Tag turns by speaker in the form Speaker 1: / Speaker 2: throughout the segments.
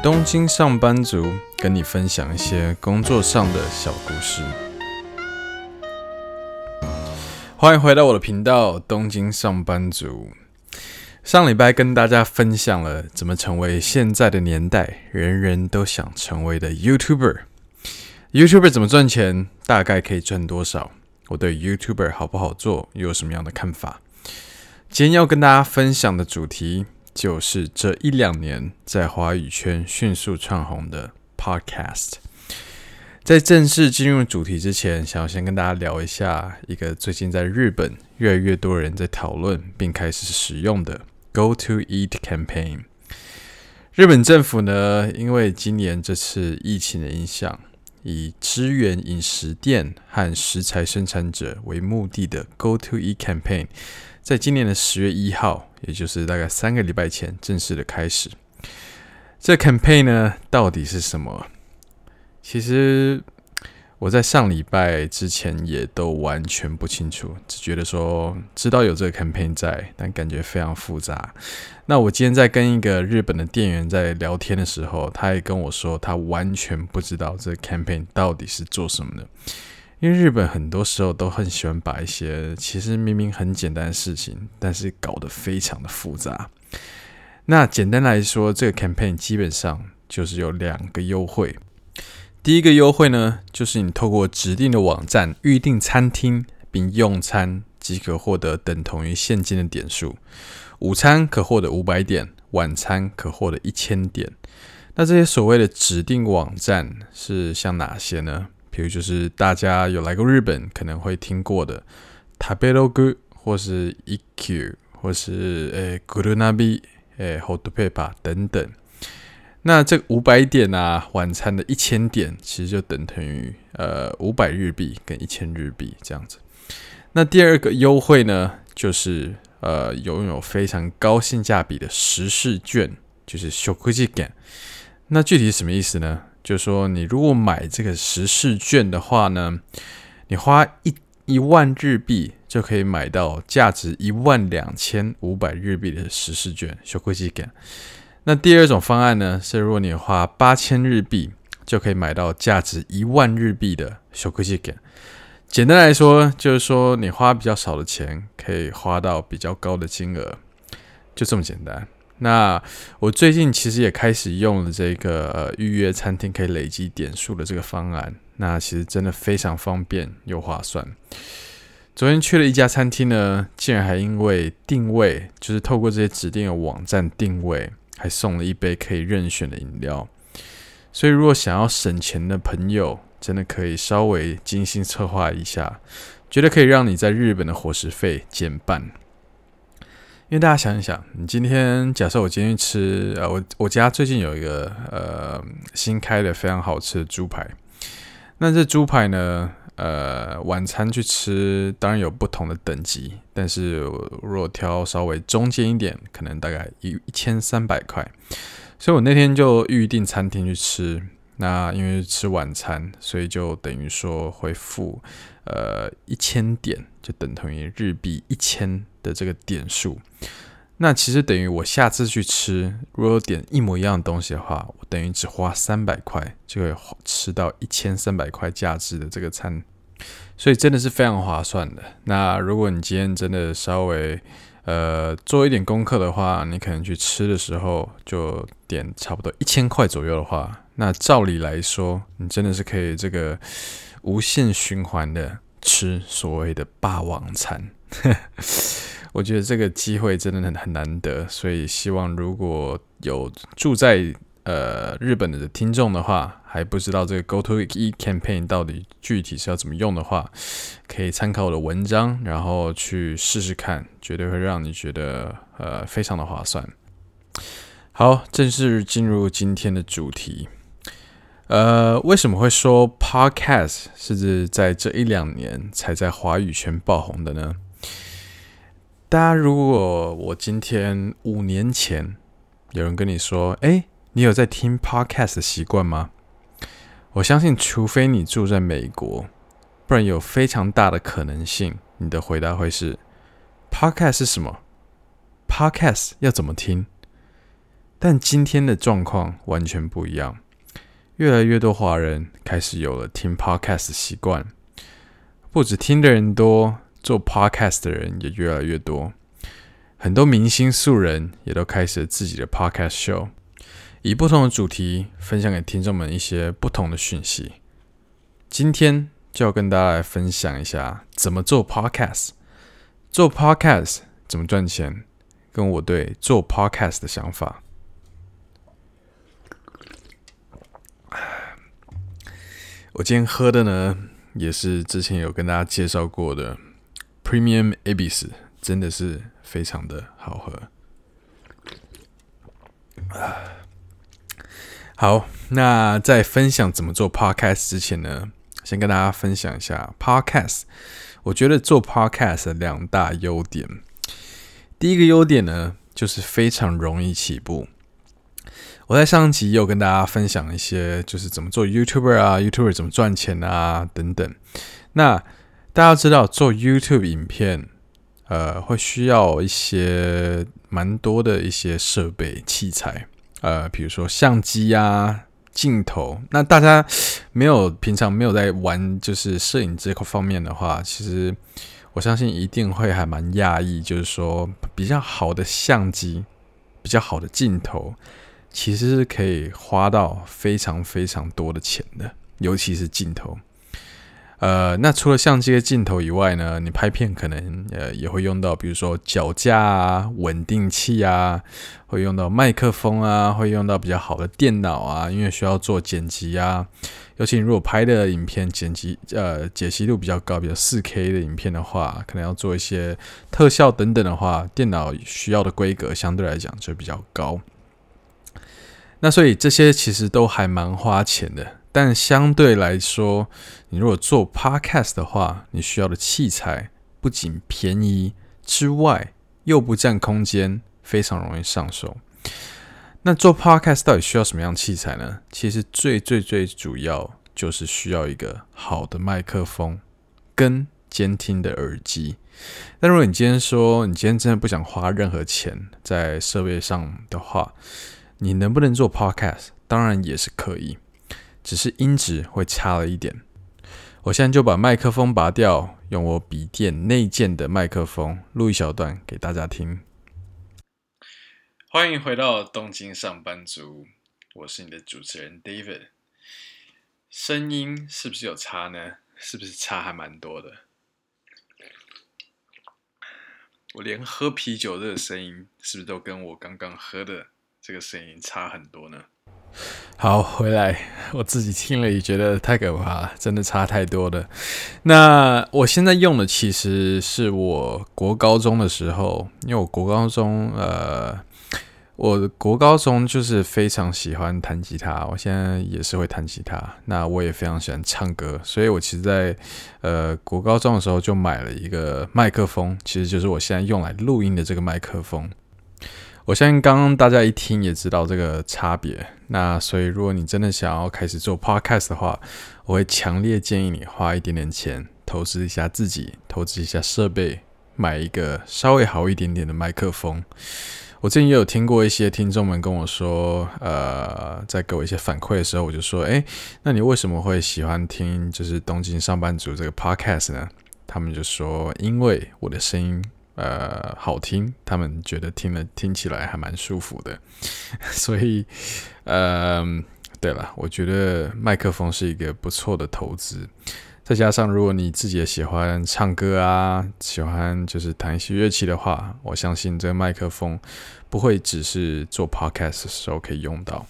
Speaker 1: 東京上班族跟你分享一些工作上的小故事。歡迎回到我的頻道，東京上班族。上禮拜跟大家分享了怎麼成為現在的年代人人都想成為的 YouTuber。YouTuber 怎麼賺錢？大概可以賺多少？我對 YouTuber 好不好做又有什麼樣的看法？今天要跟大家分享的主題。就是這一兩年在華語圈迅速竄紅的 Podcast。在正式進入主題之前，想要先跟大家聊一下一個最近在日本越來越多人在討論並開始使用的 “Go to Eat” Campaign。日本政府呢，因為今年這次疫情的影響，以支援飲食店和食材生產者為目的的 “Go to Eat” Campaign。在今年的十月一號，也就是大概三個禮拜前，正式的開始。這個 campaign 呢，到底是什麼？其實我在上禮拜之前也都完全不清楚，只覺得說知道有這個 campaign 在，但感覺非常複雜。那我今天在跟一個日本的店員在聊天的時候，他也跟我說，他完全不知道這個 campaign 到底是做什麼的。因為日本很多時候都很喜歡把一些其實明明很簡單的事情，但是搞得非常的複雜。那簡單來說，這個 campaign 基本上就是有兩個優惠。第一個優惠呢，就是你透過指定的網站預訂餐廳並用餐，即可獲得等同於現金的點數。午餐可獲得五百點，晚餐可獲得一千點。那這些所謂的指定網站是像哪些呢？比如就是大家有來過日本，可能會聽過的 Tabelog，或是一休，或是呃古魯那比，哎 Hot Pepper 等等。那這五百點啊，晚餐的一千點，其實就等同於呃五百日幣跟一千日幣這樣子。那第二個優惠呢，就是呃擁有非常高性價比的食事券，就是食事券。那具體是什麼意思呢？就說你如果買這個食事券的話呢，你花一一萬日幣就可以買到價值一萬兩千五百日幣的食事券 shokujiken。那第二種方案呢，是如果你花八千日幣就可以買到價值一萬日幣的 shokujiken。簡單來說，就是說你花比較少的錢，可以花到比較高的金額，就這麼簡單。那我最近其實也開始用了這個預約餐廳可以累積點數的這個方案，那其實真的非常方便又划算。昨天去了一家餐廳呢，竟然還因為訂位，就是透過這些指定的網站訂位，還送了一杯可以任選的飲料。所以如果想要省錢的朋友，真的可以稍微精心策劃一下，覺得可以讓你在日本的伙食費減半。因為大家想一想，你今天假設我今天吃，啊、呃，我我家最近有一個呃新開的非常好吃的豬排，那這豬排呢，呃，晚餐去吃當然有不同的等級，但是如果挑稍微中間一點，可能大概一一千三百塊，所以我那天就預訂餐廳去吃，那因為吃晚餐，所以就等於說會付呃一千點，就等同於日幣一千。的這個點數，那其實等於我下次去吃，如果點一模一樣的東西的話，我等於只花三百塊，就會吃到一千三百塊價值的這個餐，所以真的是非常划算的。那如果你今天真的稍微呃做一點功課的話，你可能去吃的時候就點差不多一千塊左右的話，那照理來說，你真的是可以這個無限循環的吃所謂的霸王餐。 我覺得這個機會真的很很難得，所以希望如果有住在呃日本的聽眾的話，還不知道這個 Go To Eat Campaign 到底具體是要怎麼用的話，可以參考我的文章，然後去試試看，絕對會讓你覺得呃非常的划算。好，正式進入今天的主題，呃，為什麼會說 Podcast 是在這一兩年才在華語圈爆紅的呢？大家，如果我今天五年前有人跟你說：“哎、欸，你有在聽 podcast 的習慣嗎？”我相信，除非你住在美國，不然有非常大的可能性，你的回答會是：“podcast 是什麼？podcast 要怎麼聽？”但今天的狀況完全不一樣，越來越多華人開始有了聽 podcast 的習慣，不止聽的人多。做 podcast 的人也越來越多，很多明星、素人也都開始了自己的 podcast show，以不同的主題分享給聽眾們一些不同的訊息。今天就要跟大家來分享一下怎麼做 podcast，做 podcast 怎麼賺錢，跟我對做 podcast 的想法。我今天喝的呢，也是之前有跟大家介紹過的。Premium Ibis 真的是非常的好喝。好，那在分享怎麼做 Podcast 之前呢，先跟大家分享一下 Podcast。我覺得做 Podcast 的兩大優點，第一個優點呢，就是非常容易起步。我在上一集也有跟大家分享一些，就是怎麼做 YouTuber 啊，YouTuber 怎麼賺錢啊等等。那大家知道做 YouTube 影片，呃，會需要一些蠻多的一些設備器材，呃，比如說相機啊、鏡頭。那大家沒有平常沒有在玩就是攝影這個方面的話，其實我相信一定會還蠻訝異，就是說比較好的相機、比較好的鏡頭，其實是可以花到非常非常多的錢的，尤其是鏡頭。呃，那除了相機的鏡頭以外呢，你拍片可能呃也會用到，比如說腳架啊、穩定器啊，會用到麥克風啊，會用到比較好的電腦啊，因為需要做剪輯啊。尤其你如果拍的影片剪輯呃解析度比較高、比較 4K 的影片的話，可能要做一些特效等等的話，電腦需要的規格相對來講就比較高。那所以這些其實都還蠻花錢的。但相對來說，你如果做 Podcast 的話，你需要的器材不僅便宜之外，又不占空間，非常容易上手。那做 Podcast 到底需要什麼樣的器材呢？其實最最最主要就是需要一個好的麥克風跟監聽的耳機。那如果你今天說你今天真的不想花任何錢在設備上的話，你能不能做 Podcast？當然也是可以。只是音質會差了一點。我現在就把麥克風拔掉，用我筆電內建的麥克風錄一小段給大家聽。歡迎回到東京上班族，我是你的主持人 David。聲音是不是有差呢？是不是差還蠻多的？我連喝啤酒的聲音，是不是都跟我剛剛喝的這個聲音差很多呢？好，回來我自己聽了也覺得太可怕了，真的差太多了。那我現在用的其實是我國高中的時候，因為我國高中呃，我國高中就是非常喜歡彈吉他，我現在也是會彈吉他。那我也非常喜歡唱歌，所以我其實在呃國高中的時候就買了一個麥克風，其實就是我現在用來錄音的這個麥克風。我相信剛剛大家一聽也知道這個差別。那所以，如果你真的想要開始做 podcast 的話，我會強烈建議你花一點點錢，投資一下自己，投資一下設備，買一個稍微好一點點的麥克風。我最近也有聽過一些聽眾們跟我說，呃，在給我一些反饋的時候，我就說，哎、欸，那你為什麼會喜歡聽就是東京上班族這個 podcast 呢？他們就說，因為我的聲音。呃，好聽，他們覺得聽了聽起來還蠻舒服的， 所以，呃，對了，我覺得麥克風是一個不錯的投資，再加上如果你自己也喜歡唱歌啊，喜歡就是彈一些樂器的話，我相信這個麥克風不會只是做 podcast 的時候可以用到。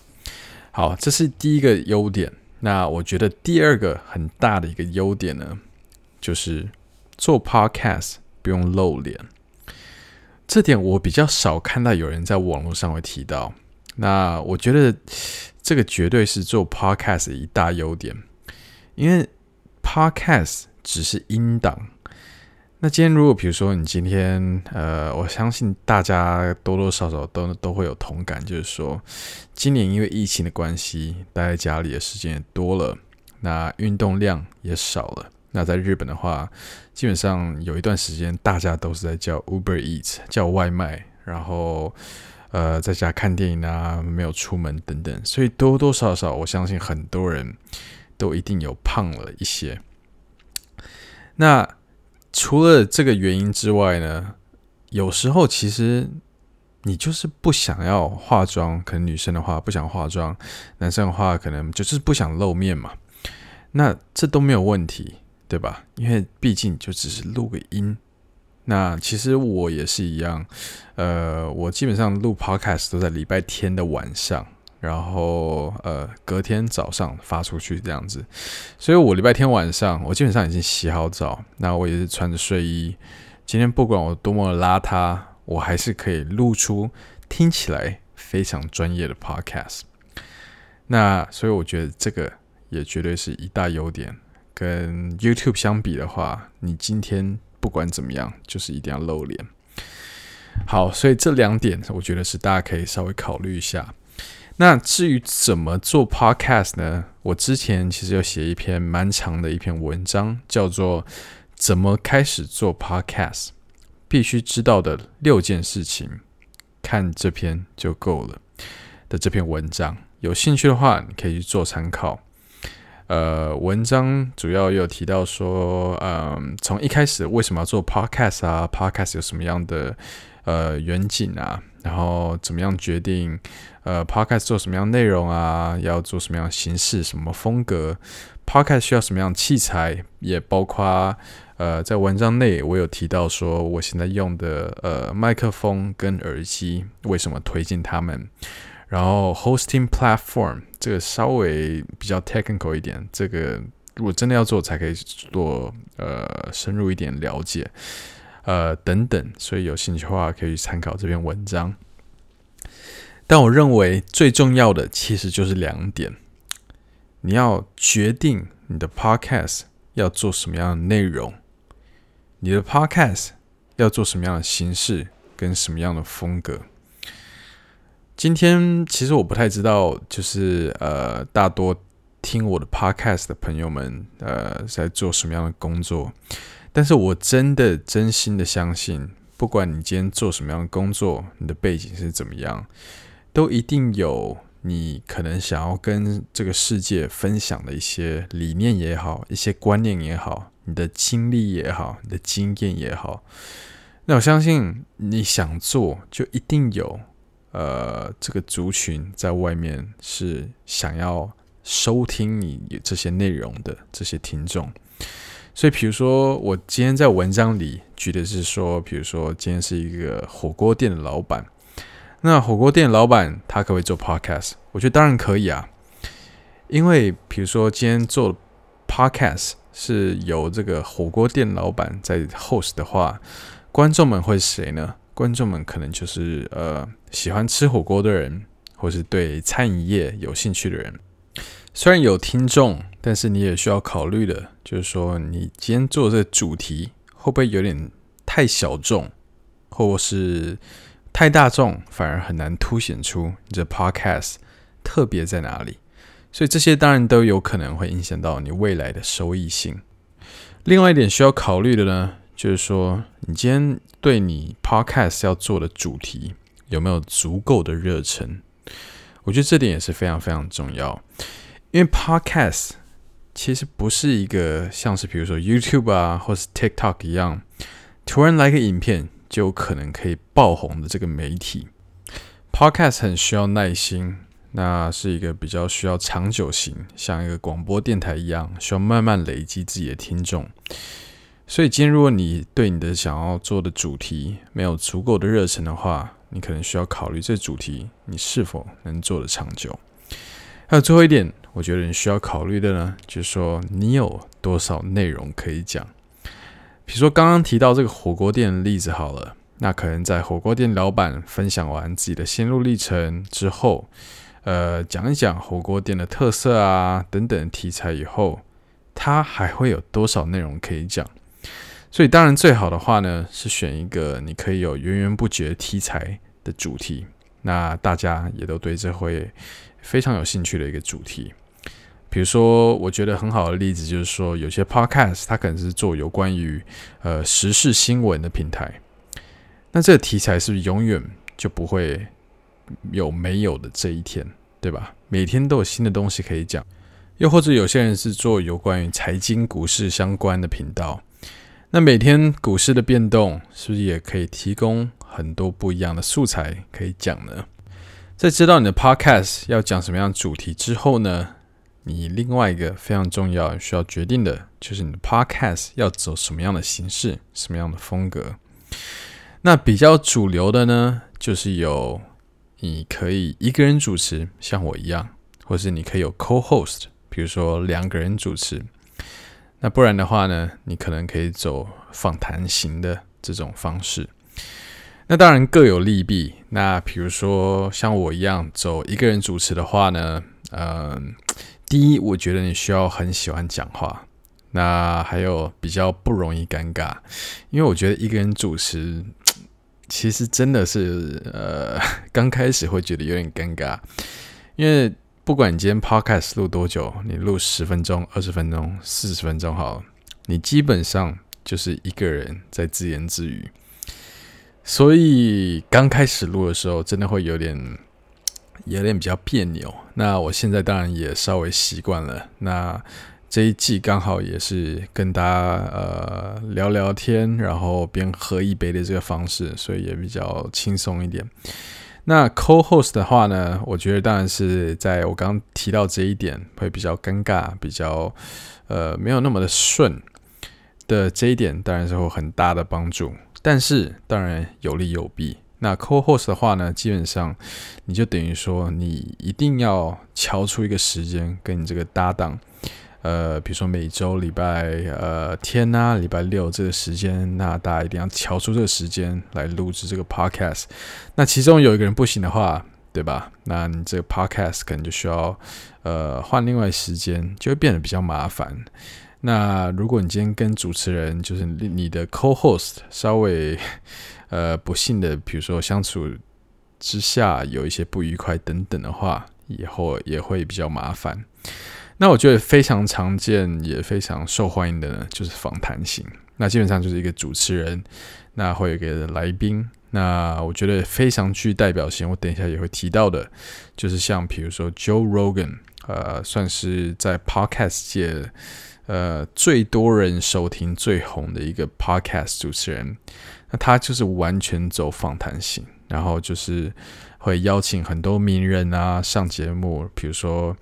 Speaker 1: 好，這是第一個優點。那我覺得第二個很大的一個優點呢，就是做 podcast 不用露臉。這點我比較少看到有人在網絡上會提到，那我覺得這個絕對是做 podcast 的一大優點，因為 podcast 只是音檔。那今天如果比如說你今天，呃，我相信大家多多少少都都會有同感，就是說今年因為疫情的關係，待在家裡的時間也多了，那運動量也少了。那在日本的話，基本上有一段時間，大家都是在叫 Uber Eats 叫外賣，然後呃在家看電影啊，沒有出門等等，所以多多少少，我相信很多人都一定有胖了一些。那除了這個原因之外呢，有時候其實你就是不想要化妝，可能女生的話不想化妝，男生的話可能就是不想露面嘛，那這都沒有問題。對吧？因為畢竟就只是錄個音，那其實我也是一樣。呃，我基本上錄 podcast 都在禮拜天的晚上，然後呃隔天早上發出去這樣子。所以我禮拜天晚上，我基本上已經洗好澡，那我也是穿着睡衣。今天不管我多麼邋遢，我還是可以錄出聽起來非常專業的 podcast。那所以我覺得這個也絕對是一大優點。跟 YouTube 相比的話，你今天不管怎麼樣，就是一定要露臉。好，所以這兩點我覺得是大家可以稍微考慮一下。那至於怎麼做 Podcast 呢？我之前其實有寫一篇蠻長的一篇文章，叫做《怎麼開始做 Podcast 必須知道的六件事情，看這篇就夠了》的這篇文章，有興趣的話，你可以去做參考。呃，文章主要有提到說，嗯、呃，從一開始為什麼要做 podcast 啊？podcast 有什麼樣的呃遠景啊？然後怎麼樣決定呃 podcast 做什麼樣內容啊？要做什麼樣形式、什麼風格？podcast 需要什麼樣的器材？也包括呃，在文章內我有提到說，我現在用的呃麥克風跟耳機，為什麼推薦他們？然後，hosting platform 這個稍微比較 technical 一點，這個如果真的要做，才可以做呃深入一點了解，呃等等，所以有興趣的話可以去參考這篇文章。但我認為最重要的其實就是兩點：你要決定你的 podcast 要做什麼樣的內容，你的 podcast 要做什麼樣的形式跟什麼樣的風格。今天其實我不太知道，就是呃，大多聽我的 podcast 的朋友們，呃，在做什麼樣的工作。但是我真的真心的相信，不管你今天做什麼樣的工作，你的背景是怎麼樣，都一定有你可能想要跟這個世界分享的一些理念也好，一些觀念也好，你的經歷也好，你的經驗也好。那我相信，你想做，就一定有。呃，這個族群在外面是想要收聽你這些內容的這些聽眾，所以比如說我今天在文章裡舉的是說，比如說今天是一個火鍋店的老板，那火鍋店的老板他可不可以做 podcast？我覺得當然可以啊！因為比如說今天做 podcast 是由這個火鍋店的老板在 host 的話，觀眾們會是誰呢？觀眾們可能就是呃喜歡吃火鍋的人，或是對餐飲業有興趣的人。雖然有聽眾，但是你也需要考慮的，就是說你今天做的這主題，會不會有點太小眾，或是太大眾，反而很難凸顯出你的 podcast 特別在哪裡。所以這些當然都有可能會影響到你未來的收益性。另外一點需要考慮的呢？就是說，你今天對你 Podcast 要做的主題有沒有足夠的熱忱？我覺得這點也是非常非常重要，因為 Podcast 其實不是一個像是比如說 YouTube 啊，或是 TikTok 一樣，突然來個影片就有可能可以爆紅的這個媒體。Podcast 很需要耐心，那是一個比較需要長久型，像一個廣播電台一樣，需要慢慢累積自己的聽眾。所以，今天如果你對你的想要做的主題沒有足夠的熱忱的話，你可能需要考慮這主題你是否能做得長久。還有最後一點，我覺得你需要考慮的呢，就是說你有多少內容可以講。比如說剛剛提到這個火鍋店的例子好了，那可能在火鍋店老闆分享完自己的心路歷程之後，呃，講一講火鍋店的特色啊等等題材以後，他還會有多少內容可以講？所以當然最好的話呢，是選一個你可以有源源不絕題材的主題，那大家也都對這會非常有興趣的一個主題。比如說，我覺得很好的例子就是說，有些 podcast 它可能是做有關於呃時事新聞的平台，那這個題材是不是永遠就不會有沒有的這一天，對吧？每天都有新的東西可以講。又或者有些人是做有關於財經股市相關的頻道。那每天股市的變動是不是也可以提供很多不一樣的素材可以講呢？在知道你的 podcast 要講什麼樣主題之後呢，你另外一個非常重要需要決定的就是你的 podcast 要走什麼樣的形式、什麼樣的風格。那比較主流的呢，就是有你可以一個人主持，像我一樣，或是你可以有 co-host，比如說兩個人主持。那不然的話呢，你可能可以走訪談型的這種方式。那當然各有利弊。那比如說像我一樣走一個人主持的話呢，嗯、呃，第一，我覺得你需要很喜歡講話。那還有比較不容易尷尬，因為我覺得一個人主持其實真的是呃，剛開始會覺得有點尷尬，因為，不管你今天 podcast 錄多久，你錄十分鐘、二十分鐘、四十分鐘，好了，你基本上就是一個人在自言自語。所以剛開始錄的時候，真的會有點有點比較別扭。那我現在當然也稍微習慣了。那這一季剛好也是跟大家呃聊聊天，然後邊喝一杯的這個方式，所以也比較輕鬆一點。那 co-host 的話呢，我覺得當然是在我剛剛提到這一點會比較尷尬，比較呃，沒有那麼的順的這一點，當然是會有很大的幫助。但是當然有利有弊。那 co-host 的話呢，基本上你就等於說你一定要敲出一個時間，跟你這個搭檔。呃，比如說每周禮拜呃天吶、啊，禮拜六這個時間，那大家一定要挑出這個時間來錄製這個 Podcast。那其中有一個人不行的話，對吧？那你這個 Podcast 可能就需要呃換另外時間，就會變得比較麻煩。那如果你今天跟主持人就是你的 co-host 稍微呃不幸的，比如說相處之下有一些不愉快等等的話，以後也會比較麻煩。那我覺得非常常見也非常受歡迎的呢，就是訪談型。那基本上就是一個主持人，那會有一個來賓。那我覺得非常具代表性，我等一下也會提到的，就是像比如說 Joe Rogan，呃，算是在 Podcast 界，呃，最多人收聽最紅的一個 Podcast 主持人。那他就是完全走訪談型，然後就是會邀請很多名人啊上節目，比如說。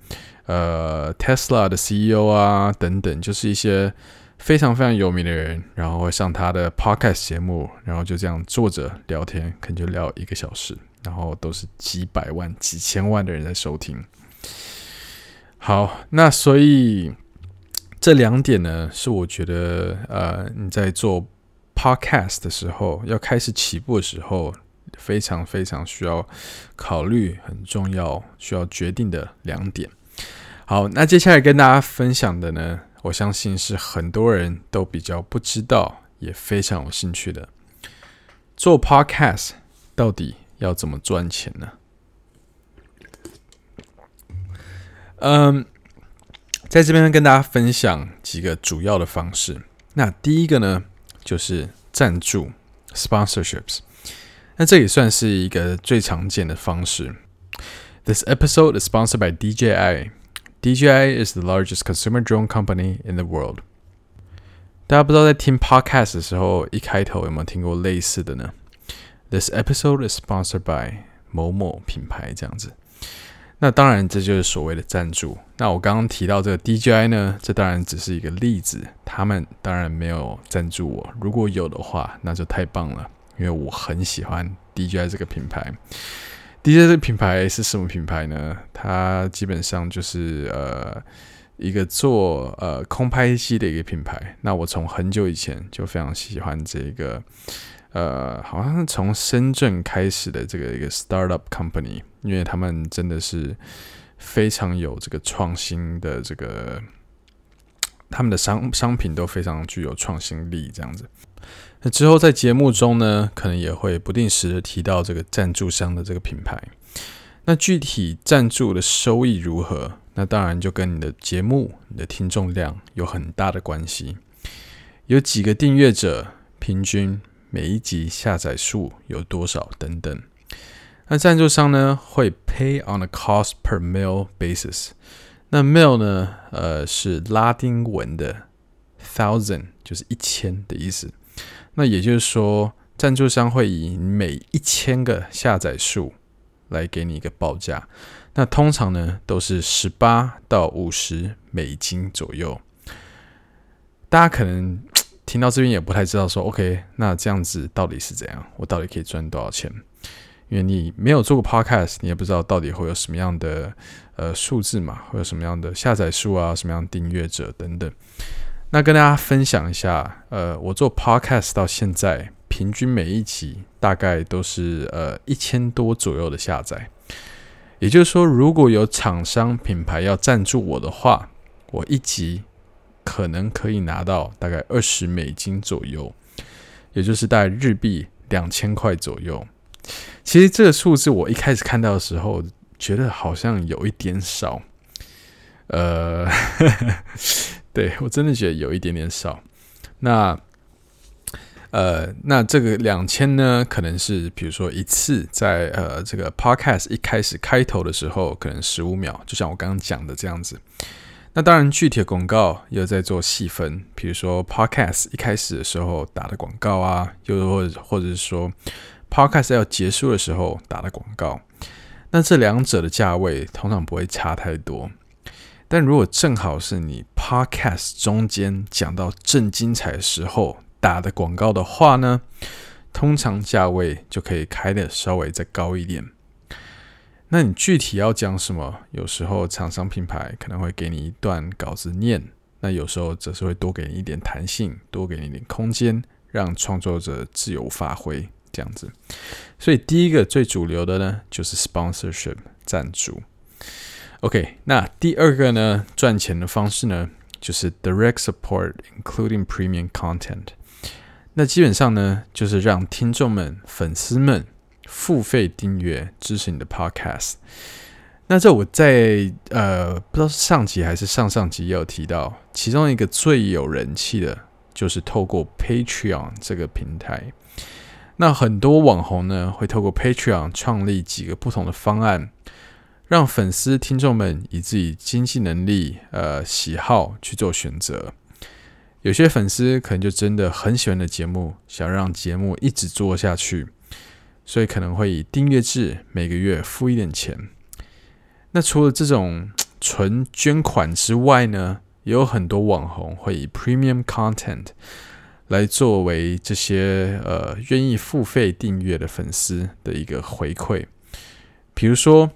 Speaker 1: 呃，Tesla 的 CEO 啊，等等，就是一些非常非常有名的人，然後會上他的 Podcast 節目，然後就這樣坐着聊天，可能就聊一個小時，然後都是幾百萬、幾千萬的人在收聽。好，那所以這兩點呢，是我覺得呃，你在做 Podcast 的時候，要開始起步的時候，非常非常需要考慮、很重要、需要決定的兩點。好，那接下來跟大家分享的呢，我相信是很多人都比較不知道，也非常有興趣的。做 Podcast 到底要怎麼賺錢呢？嗯，um，在這邊跟大家分享幾個主要的方式。那第一個呢，就是贊助 （sponsorships）。那這也算是一個最常見的方式。This episode is sponsored by DJI。DJI is the largest consumer drone company in the world。大家不知道在聽 podcast 的時候，一開頭有沒有聽過類似的呢？This episode is sponsored by 某某品牌，這樣子。那當然，這就是所謂的贊助。那我剛剛提到這個 DJI 呢，這當然只是一個例子。他們當然沒有贊助我，如果有的話，那就太棒了，因為我很喜歡 DJI 這個品牌。DJI 這個品牌是什麼品牌呢？它基本上就是呃一個做呃空拍機的一個品牌。那我從很久以前就非常喜歡這個呃，好像是從深圳開始的這個一個 startup company，因為他們真的是非常有這個創新的這個。他們的商商品都非常具有創新力，這樣子。那之後在節目中呢，可能也會不定時的提到這個贊助商的這個品牌。那具體贊助的收益如何？那當然就跟你的節目、你的聽眾量有很大的關係。有幾個訂閱者，平均每一集下載數有多少等等。那贊助商呢，會 pay on a cost per mill basis。那 mille 呢？呃，是拉丁文的 thousand，就是一千的意思。那也就是說，贊助商會以每一千個下載數來給你一個報價。那通常呢，都是十八到五十美金左右。大家可能聽到這邊也不太知道說，說 OK，那這樣子到底是怎樣？我到底可以賺多少錢？因為你沒有做過 podcast，你也不知道到底會有什麼樣的呃數字嘛，會有什麼樣的下載數啊，什麼樣訂閱者等等。那跟大家分享一下，呃，我做 podcast 到現在，平均每一集大概都是呃一千多左右的下載。也就是說，如果有廠商品牌要贊助我的話，我一集可能可以拿到大概二十美金左右，也就是大概日幣兩千塊左右。其實這個數字我一開始看到的時候，覺得好像有一點少，呃， 對，我真的覺得有一點點少。那，呃，那這個兩千呢，可能是比如說一次在呃這個 podcast 一開始開頭的時候，可能十五秒，就像我剛剛講的這樣子。那當然，具體的廣告又在做細分，比如說 podcast 一開始的時候打的廣告啊，又或者或者是說，Podcast 要結束的時候打的廣告，那這兩者的價位通常不會差太多。但如果正好是你 Podcast 中間講到正精彩的時候打的廣告的話呢，通常價位就可以開得稍微再高一點。那你具體要講什麼？有時候廠商品牌可能會給你一段稿子念，那有時候則是會多給你一點彈性，多給你一點空間，讓創作者自由發揮。這樣子，所以第一個最主流的呢，就是 sponsorship，贊助。OK，那第二個呢，賺錢的方式呢，就是 direct support，including premium content。那基本上呢，就是讓聽眾們、粉絲們付費訂閱支持你的 podcast。那這我在呃，不知道是上集還是上上集，有提到其中一個最有人氣的，就是透過 Patreon 這個平台。那很多網紅呢，會透過 Patreon 創立幾個不同的方案，讓粉絲、聽眾們以自己經濟能力、呃，喜好去做選擇。有些粉絲可能就真的很喜歡的節目，想讓節目一直做下去，所以可能會以訂閱制每個月付一點錢。那除了這種純捐款之外呢，也有很多網紅會以 Premium Content。來作為這些呃願意付費訂閱的粉絲的一個回饋，比如說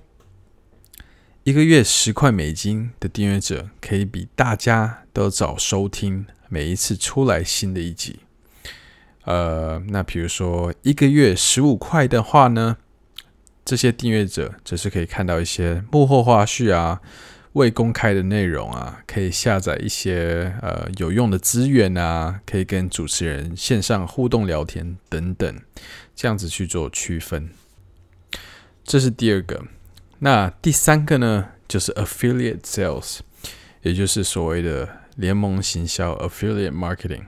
Speaker 1: 一個月十塊美金的訂閱者，可以比大家都早收聽每一次出來新的一集。呃，那比如說一個月十五塊的話呢，這些訂閱者則是可以看到一些幕後花絮啊。未公開的內容啊，可以下載一些呃有用的資源啊，可以跟主持人線上互動聊天等等，這樣子去做區分。這是第二個。那第三個呢，就是 affiliate sales，也就是所謂的聯盟行銷 （affiliate marketing）。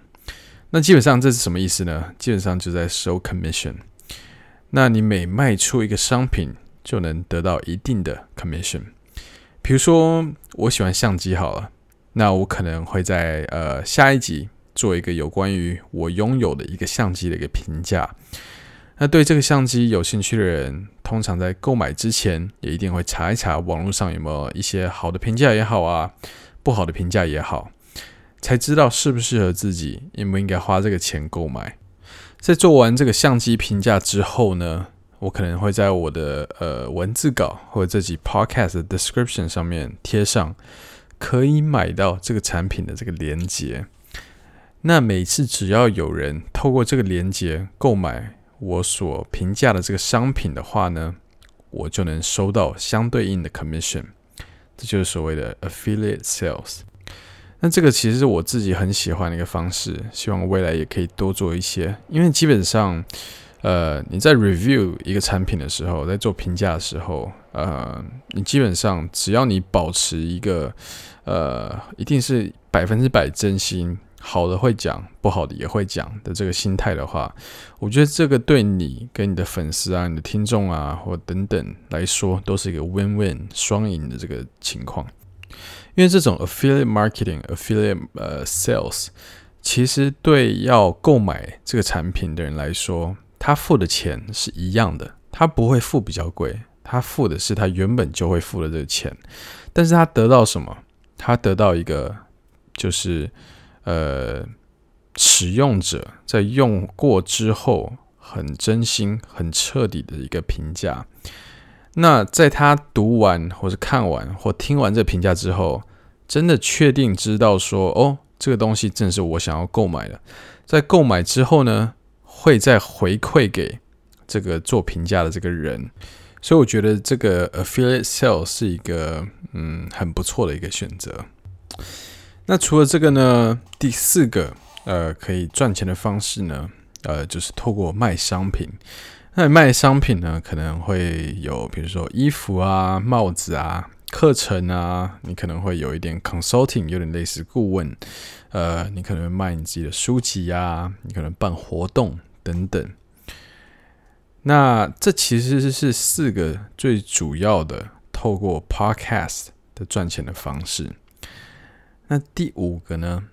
Speaker 1: 那基本上這是什麼意思呢？基本上就在收 commission。那你每賣出一個商品，就能得到一定的 commission。比如說，我喜歡相機好了，那我可能會在呃下一集做一個有關於我擁有的一個相機的一個評價。那對這個相機有興趣的人，通常在購買之前也一定會查一查網絡上有沒有一些好的評價也好啊，不好的評價也好，才知道適不適合自己，應不應該花這個錢購買。在做完這個相機評價之後呢，我可能會在我的呃文字稿或者這集 Podcast 的 description 上面貼上可以買到這個產品的這個鏈接。那每次只要有人透過這個鏈接購買我所評價的這個商品的話呢，我就能收到相對應的 commission。這就是所謂的 affiliate sales。那這個其實是我自己很喜歡的一個方式，希望未來也可以多做一些，因為基本上。呃，你在 review 一個產品的時候，在做評價的時候，呃，你基本上只要你保持一個呃，一定是百分之百真心，好的會講，不好的也會講的這個心態的話，我覺得這個對你跟你的粉絲啊、你的聽眾啊或等等來說，都是一個 win-win，雙贏的這個情況，因為這種 affiliate marketing、affiliate 呃 sales，其實對要購買這個產品的人來說。他付的錢是一樣的，他不會付比較貴，他付的是他原本就會付的這個錢，但是他得到什麼？他得到一個，就是，呃，使用者在用過之後，很真心、很徹底的一個評價。那在他讀完或是看完或聽完這評價之後，真的確定知道說，哦，這個東西正是我想要購買的。在購買之後呢，會再回饋給這個做評價的這個人，所以我覺得這個 affiliate sale 是一個嗯很不錯的一個選擇。那除了這個呢，第四個呃可以賺錢的方式呢，呃就是透過賣商品。那賣商品呢可能會有比如說衣服啊、帽子啊。課程啊，你可能會有一點 consulting，有點類似顧問，呃，你可能會賣你自己的書籍啊，你可能辦活動等等。那這其實是四個最主要的透過 podcast 的賺錢的方式。那第五個呢，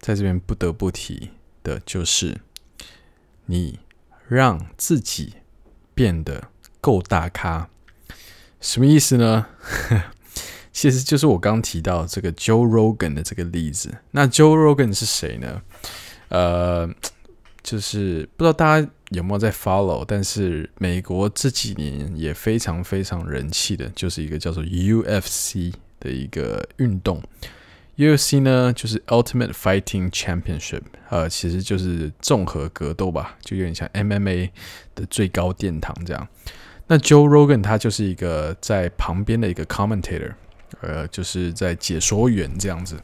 Speaker 1: 在這邊不得不提的就是，你讓自己變得夠大咖。什麼意思呢？呵，其實就是我剛提到這個 Joe Rogan 的這個例子。那 Joe Rogan 是誰呢？呃，就是不知道大家有沒有在 follow，但是美國這幾年也非常非常人氣的，就是一個叫做 UFC 的一個運動。UFC 呢，就是 Ultimate Fighting Championship，呃，其實就是綜合格鬥吧，就有點像 MMA 的最高殿堂這樣。那 Joe Rogan 他就是一個在旁邊的一個 commentator，呃，就是在解說員這樣子。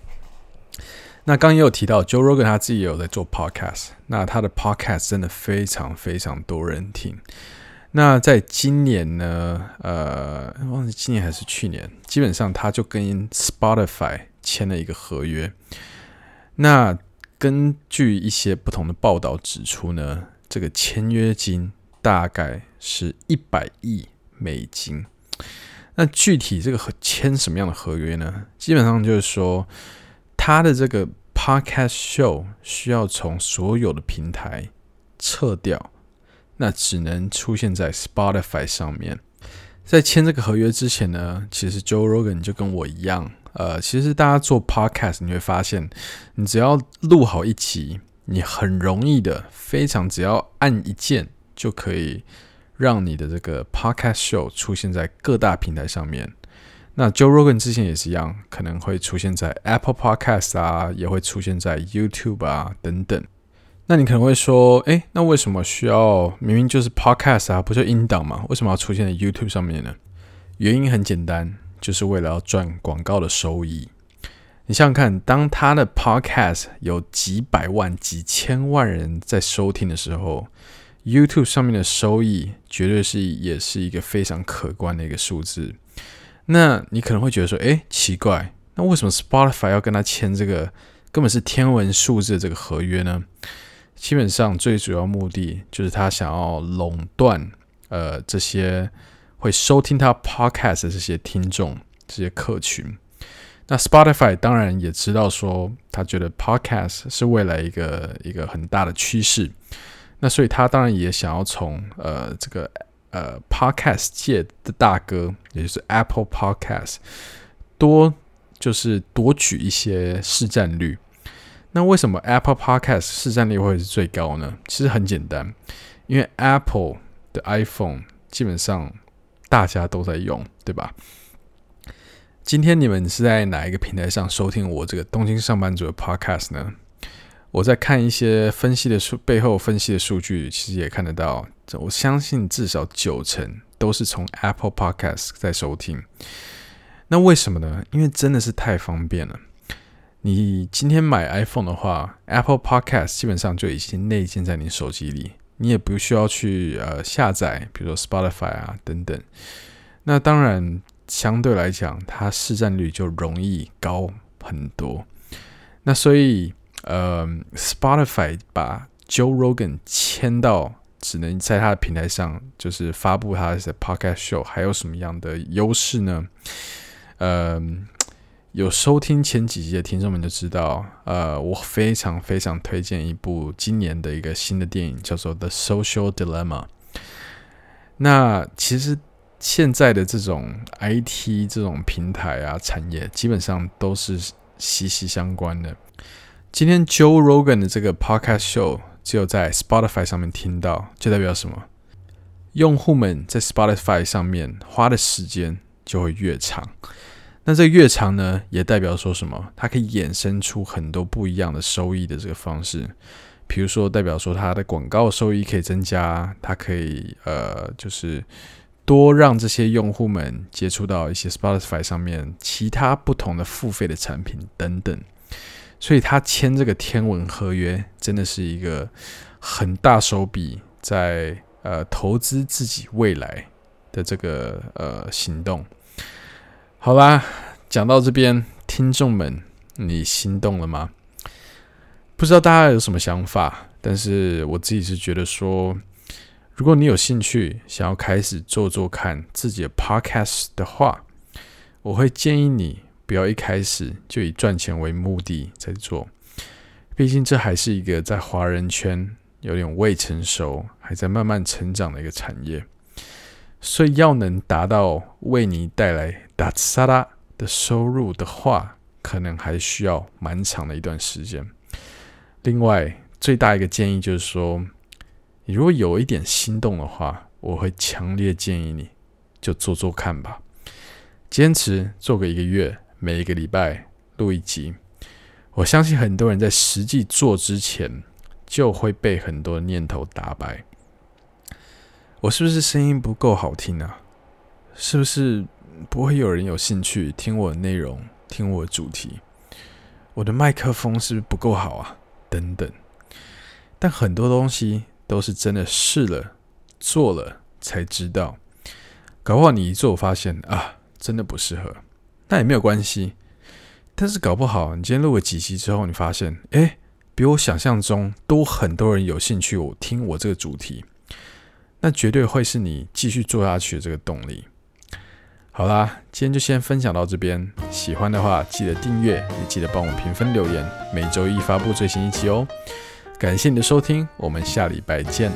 Speaker 1: 那剛也有提到 Joe Rogan 他自己也有在做 podcast，那他的 podcast 真的非常非常多人聽。那在今年呢，呃，忘記今年還是去年，基本上他就跟 Spotify 簽了一個合約。那根據一些不同的報道指出呢，這個簽約金。大概是一百億美金。那具體這個簽什麼樣的合約呢？基本上就是說，他的這個 Podcast Show 需要從所有的平台撤掉，那只能出現在 Spotify 上面。在簽這個合約之前呢，其實 Joe Rogan 就跟我一樣，呃，其實大家做 Podcast 你會發現，你只要錄好一集，你很容易的，非常只要按一鍵。就可以讓你的這個 podcast show 出現在各大平台上面。那 Joe Rogan 之前也是一樣，可能會出現在 Apple Podcast 啊，也會出現在 YouTube 啊等等。那你可能會說，哎、欸，那為什麼需要？明明就是 podcast 啊，不就音檔嘛？為什麼要出現在 YouTube 上面呢？原因很簡單，就是為了要賺廣告的收益。你想想看，當他的 podcast 有幾百萬、幾千萬人在收聽的時候。YouTube 上面的收益絕對是也是一個非常可觀的一個數字。那你可能會覺得說：“誒，奇怪，那為什麼 Spotify 要跟他簽這個根本是天文數字的這個合約呢？”基本上最主要目的就是他想要壟斷呃這些會收聽他 Podcast 的這些聽眾，這些客群。那 Spotify 當然也知道說，他覺得 Podcast 是未來一個一個很大的趨勢。那所以，他當然也想要從呃這個呃 Podcast 界的大哥，也就是 Apple Podcast 多，就是奪取一些市占率。那為什麼 Apple Podcast 市占率會是最高呢？其實很簡單，因為 Apple 的 iPhone 基本上大家都在用，對吧？今天你們是在哪一個平台上收聽我這個東京上班族的 Podcast 呢？我在看一些分析的數背後分析的數據，其實也看得到，我相信至少九成都是從 Apple Podcast 在收聽。那為什麼呢？因為真的是太方便了。你今天買 iPhone 的話，Apple Podcast 基本上就已經內建在你手機裡，你也不需要去呃下載，比如說 Spotify 啊等等。那當然，相對來講，它市占率就容易高很多。那所以。嗯，Spotify 把 Joe Rogan 簽到，只能在他的平台上就是發布他的 Podcast show，還有什麼樣的優勢呢？嗯，有收聽前幾集的聽眾們就知道，呃，我非常非常推薦一部今年的一個新的電影，叫做《The Social Dilemma》。那其實現在的這種 IT 這種平台啊，產業基本上都是息息相關的。今天 Joe Rogan 的這個 Podcast Show 只有在 Spotify 上面聽到，就代表什麼？用戶們在 Spotify 上面花的時間就會越長。那這個越長呢，也代表說什麼？它可以衍生出很多不一樣的收益的這個方式。比如說，代表說它的廣告收益可以增加，它可以呃，就是多讓這些用戶們接觸到一些 Spotify 上面其他不同的付費的產品等等。所以他簽這個天文合約，真的是一個很大手筆，在呃投資自己未來的這個呃行動。好啦，講到這邊，聽眾們，你心動了嗎？不知道大家有什麼想法，但是我自己是覺得說，如果你有興趣想要開始做做看自己的 podcast 的話，我會建議你。不要一開始就以賺錢為目的在做，畢竟這還是一個在華人圈有點未成熟、還在慢慢成長的一個產業，所以要能達到為你帶來噠沙拉的收入的話，可能還需要蠻長的一段時間。另外，最大一個建議就是說，你如果有一點心動的話，我會強烈建議你就做做看吧，堅持做個一個月。每一個禮拜錄一集，我相信很多人在實際做之前，就會被很多念頭打敗。我是不是聲音不夠好聽啊？是不是不會有人有興趣聽我的內容、聽我的主題？我的麥克風是不是不夠好啊？等等。但很多東西都是真的試了、做了才知道。搞不好你一做，我發現啊，真的不適合。那也沒有關係，但是搞不好你今天錄了幾期之後，你發現，誒、欸，比我想象中多很多人有興趣我聽我這個主題，那絕對會是你繼續做下去的這個動力。好啦，今天就先分享到這邊，喜歡的話記得訂閱，也記得幫我評分留言，每週一發布最新一期哦。感謝你的收聽，我們下禮拜見。